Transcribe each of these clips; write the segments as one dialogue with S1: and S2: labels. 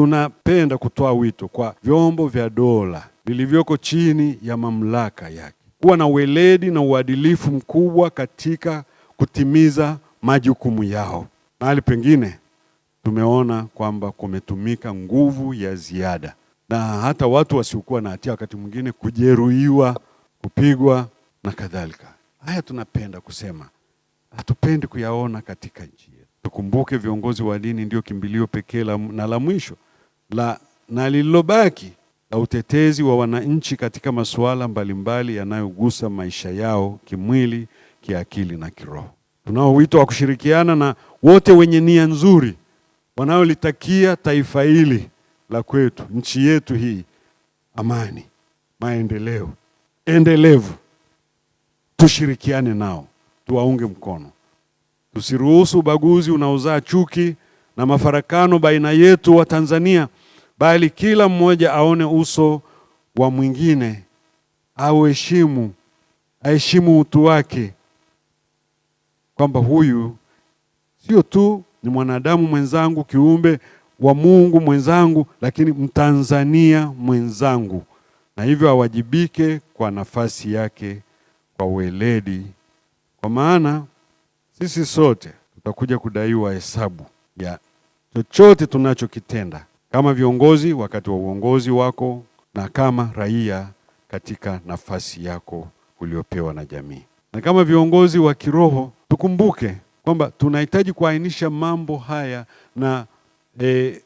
S1: tunapenda kutoa wito kwa vyombo vya dola vilivyoko chini ya mamlaka yake kuwa na weledi na uadilifu mkubwa katika kutimiza majukumu yao. Mahali pengine tumeona kwamba kumetumika nguvu ya ziada na hata watu wasiokuwa na hatia wakati mwingine kujeruhiwa, kupigwa na kadhalika. Haya tunapenda kusema, hatupendi kuyaona katika nchi yetu. Tukumbuke viongozi wa dini ndio kimbilio pekee na la mwisho la, na lililobaki la utetezi wa wananchi katika masuala mbalimbali yanayogusa maisha yao kimwili, kiakili na kiroho. Tunao wito wa kushirikiana na wote wenye nia nzuri wanaolitakia taifa hili la kwetu, nchi yetu hii, amani, maendeleo endelevu. Tushirikiane nao, tuwaunge mkono, tusiruhusu ubaguzi unaozaa chuki na mafarakano baina yetu wa Tanzania, bali kila mmoja aone uso wa mwingine, auheshimu, aheshimu utu wake, kwamba huyu sio tu ni mwanadamu mwenzangu, kiumbe wa Mungu mwenzangu, lakini Mtanzania mwenzangu, na hivyo awajibike kwa nafasi yake kwa weledi, kwa maana sisi sote tutakuja kudaiwa hesabu ya chochote tunachokitenda kama viongozi wakati wa uongozi wako na kama raia katika nafasi yako uliopewa na jamii. Na kama viongozi wa kiroho tukumbuke kwamba tunahitaji kuainisha mambo haya na e,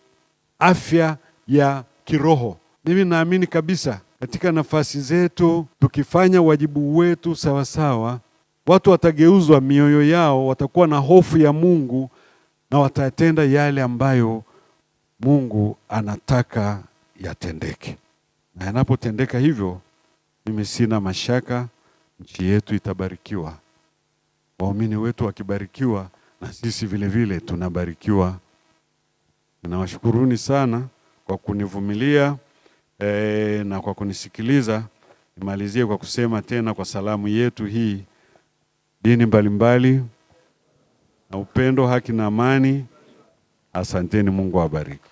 S1: afya ya kiroho. Mimi naamini kabisa katika nafasi zetu, tukifanya wajibu wetu sawasawa, watu watageuzwa mioyo yao, watakuwa na hofu ya Mungu na watayatenda yale ambayo Mungu anataka yatendeke, na yanapotendeka hivyo, mimi sina mashaka, nchi yetu itabarikiwa, waumini wetu wakibarikiwa, na sisi vile vile tunabarikiwa. Ninawashukuruni sana kwa kunivumilia e, na kwa kunisikiliza. Nimalizie kwa kusema tena kwa salamu yetu hii, dini mbalimbali mbali, na upendo, haki na amani. Asanteni, Mungu awabariki.